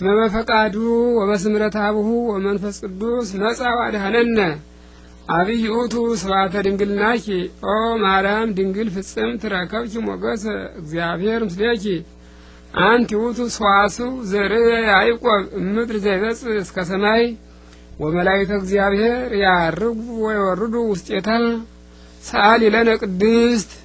እስመ በፈቃዱ ወበስምረት አብሁ ወመንፈስ ቅዱስ መጻ ዋድሃነነ አብይ ውእቱ ስብሐተ ድንግልናኪ ኦ ማርያም ድንግል ፍጽምት ረከብኪ ሞገሰ እግዚአብሔር ምስሌኪ አንቲ ውእቱ ሰዋሱ ዘርእ ያዕቆብ እምድር ዘይበጽሕ እስከ ሰማይ ወመላእክተ እግዚአብሔር ያርጉ ወይወርዱ ውስጤታ ሰአሊ ለነ ቅድስት